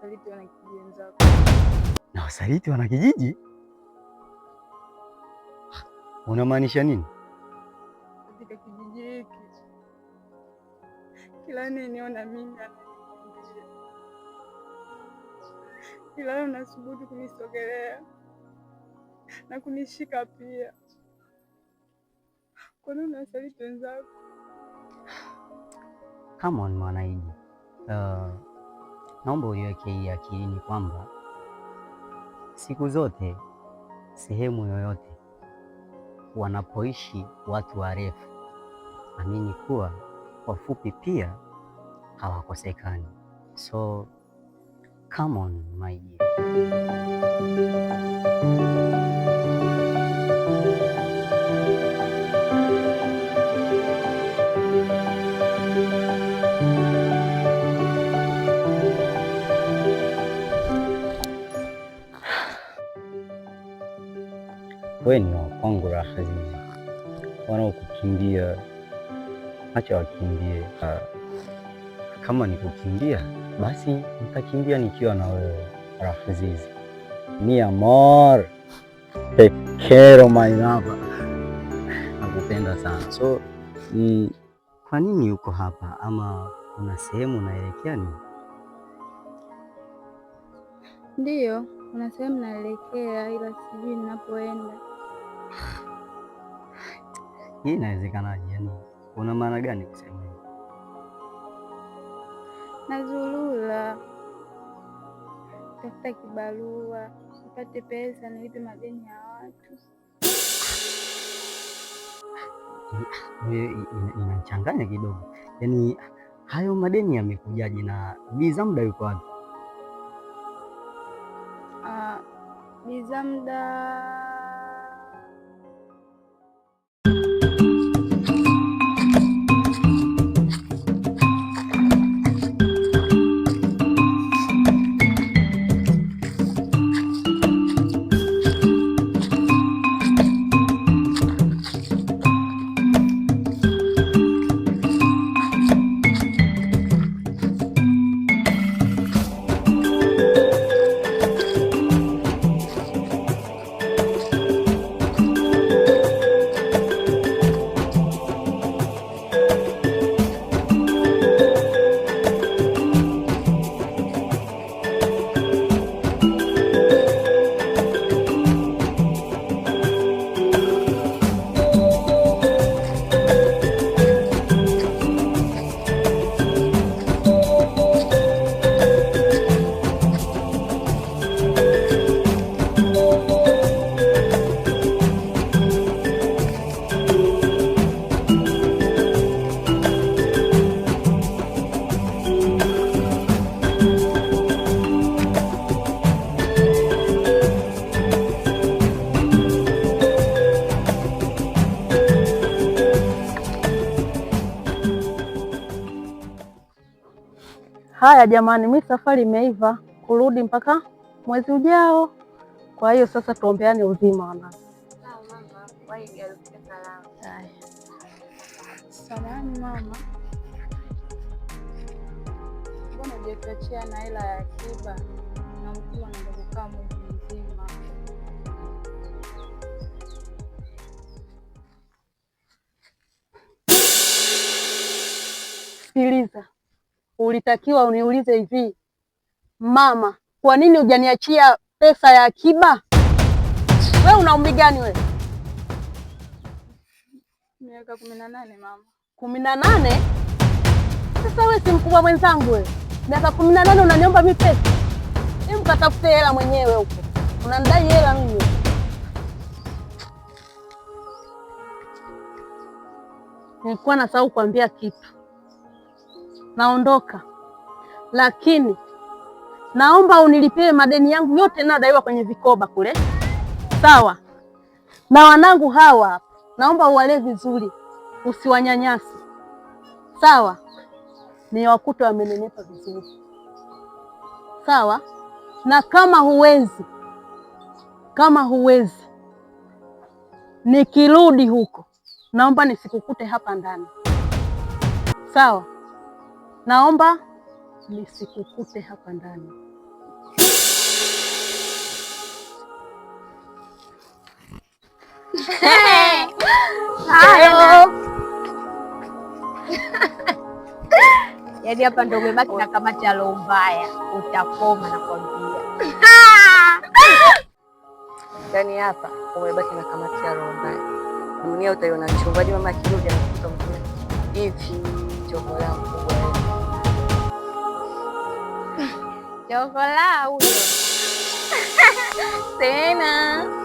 wanasaliti wanakijiji wenzako. Na wasaliti wanakijiji? Unamaanisha nini? Katika kijiji hiki kila niniona mimi ananikimbia, kila unasubutu kunisogelea na kunishika pia. Kwa nini unasaliti wenzako? Come on, Mwanaidi. Uh naomba uiweke hii akilini kwamba siku zote sehemu yoyote wanapoishi watu warefu, amini kuwa wafupi pia hawakosekani. So come on my dear. wewe ni wa kwangu raha Wanaokukimbia acha wakimbie. Kama ni kukimbia, basi nitakimbia nikiwa na wewe raha hizi. Mi amor pekero my love, nakupenda sana. So mm, kwa nini uko hapa ama kuna sehemu unaelekea? Ni ndiyo, kuna sehemu naelekea, ila sijui ninapoenda. Hii inawezekanaje? Yaani kuna maana gani kusema Nazulula, tafuta kibarua, nipate pesa, nilipe madeni ya watu. Inachanganya kidogo. Yaani hayo madeni yamekujaje na Bizamda yuko wapi? Ah, Bizamda Haya jamani, mi safari imeiva kurudi mpaka mwezi ujao. Kwa hiyo sasa tuombeane uzima wana. Samahani mama, mbona na hela ya akiba na mwezi mzima? Sikiliza ulitakiwa uniulize hivi, mama, kwa nini hujaniachia pesa ya akiba? We una umri gani wewe? Miaka kumi na nane mama. kumi na nane? Sasa we si mkubwa mwenzangu wewe, miaka kumi na nane unaniomba mi pesa? katafute hela mwenyewe huko, unanidai hela mimi. Nilikuwa nasahau kuambia kitu naondoka, lakini naomba unilipie madeni yangu yote nadaiwa kwenye vikoba kule, sawa? Na wanangu hawa naomba uwalee vizuri, usiwanyanyasi, sawa? Ni wakuta wamenenepa vizuri, sawa? Na kama huwezi, kama huwezi, nikirudi huko naomba nisikukute hapa ndani, sawa? Naomba nisikukute hapa ndani. Yaani hapa ndo umebaki na kamati ya roho mbaya, utakoma nakwambia. ndani hapa umebaki na kamati ya roho mbaya, dunia utaiona chungu hadi yaani mama akirudi anakuta hivi choko langu Hola, Cena.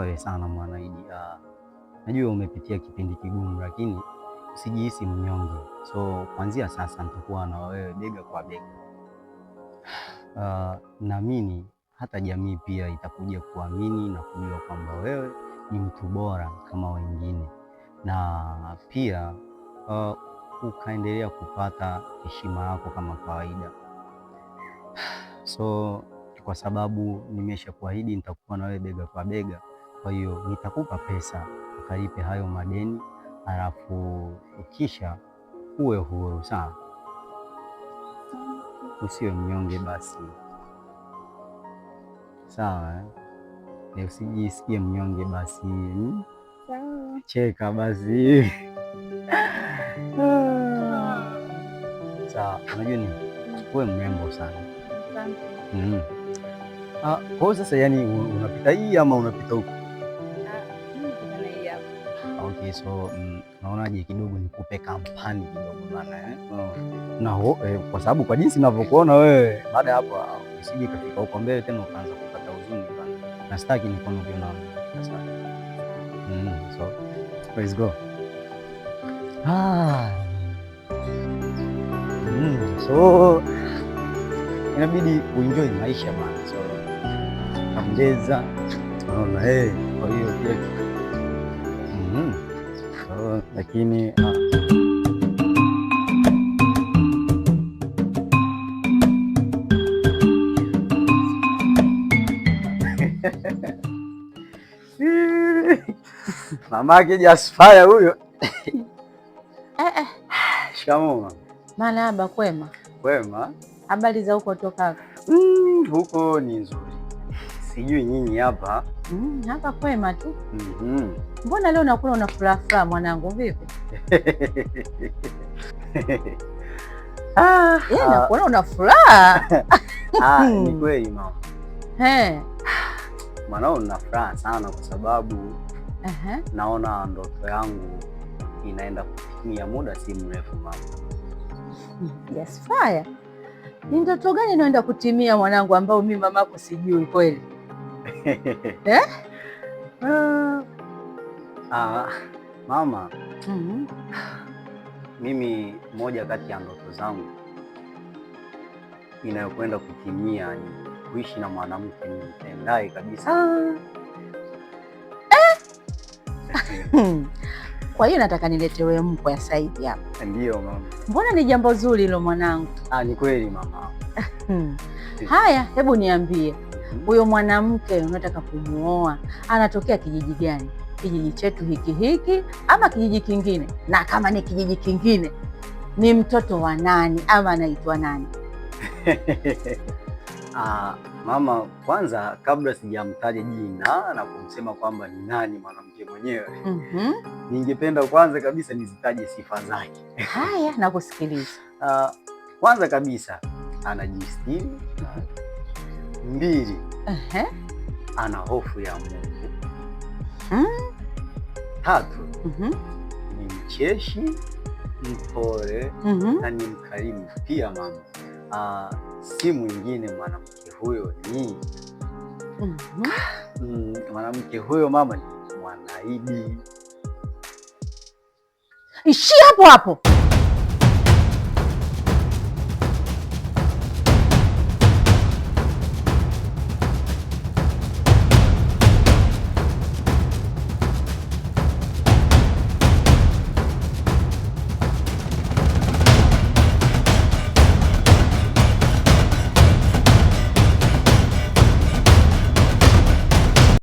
wewe sana Mwanaidi. Uh, ah, najua umepitia kipindi kigumu, lakini usijihisi mnyonge. So kuanzia sasa nitakuwa na wewe bega kwa bega. Uh, naamini hata jamii pia itakuja kuamini na kujua kwamba wewe ni mtu bora kama wengine, na pia uh, ukaendelea kupata heshima yako kama kawaida. So kwa sababu nimesha kuahidi nitakuwa na wewe bega kwa bega, kwa hiyo nitakupa pesa ukalipe hayo madeni, alafu ukisha uwe huru sana, usiwe mnyonge basi. Sawa eh? Usijisikie mnyonge basi, hmm? Cheka basi sawa. Unajua ni uwe mrembo sana mm. Ah, kwa sasa yani unapita hii ama unapita huko? hivi, so mm, je, kidogo nikupe kampani kidogo bwana, eh? mm. na ho, eh, kwa sababu kwa jinsi ninavyokuona wewe, baada hapo ah, usije kafika huko mbele tena ukaanza kupata huzuni bana. na sitaki nikonoke na sasa. Mm, so let's go. Ah. Mm, so inabidi uenjoy maisha bana. so kamjeza, naona eh, kwa hiyo kile lakini mama ah. mamake Jasfaya huyo. Eh, eh. Shamu mama. aba Kwema? Kwema. Habari za huko toka? Mm, huko ni nzuri, sijui nyinyi hapa Mm, hapa kwema tu. mm -hmm. Mbona leo unakula ah, ah. Yaani una furaha furaha mwanangu, vipi? Ah, nakuona una furaha. Ah, ni hmm. kweli mama. Eh. Mwanao nina furaha sana kwa sababu uh -huh. naona ndoto yangu inaenda kufikia muda si mrefu mama. Yes, fire. Ni ndoto gani inaenda kutimia mwanangu, ambao mimi mamako sijui kweli? eh? Ah, mama mm -hmm. Mimi moja kati ya ndoto zangu inayokwenda kutimia ni kuishi na mwanamke nimpendaye kabisa eh? Kwa hiyo nataka niletewe mkwe Saidi hapa. Ndio mama. Mbona ni jambo zuri hilo mwanangu? Ah, ni kweli mama. Haya, hebu niambie huyo mwanamke unataka kumuoa anatokea kijiji gani? Kijiji chetu hiki hiki ama kijiji kingine? Na kama ni kijiji kingine, ni mtoto wa nani ama anaitwa nani? Ah, mama, kwanza kabla sijamtaja jina na kumsema kwamba ni nani mwanamke mwenyewe, mm -hmm. ningependa kwanza kabisa nizitaje sifa zake. Haya, nakusikiliza. Ah, kwanza kabisa anajistiri Mbili, uh-huh. Ana hofu ya Mungu. hmm? Tatu, uh-huh. Ni mcheshi, mpole, uh-huh. na ni mkarimu pia mama. Uh, si mwingine mwanamke huyo ni mhm. mm, mwanamke huyo mama ni Mwanaidi. Ishi hapo hapo.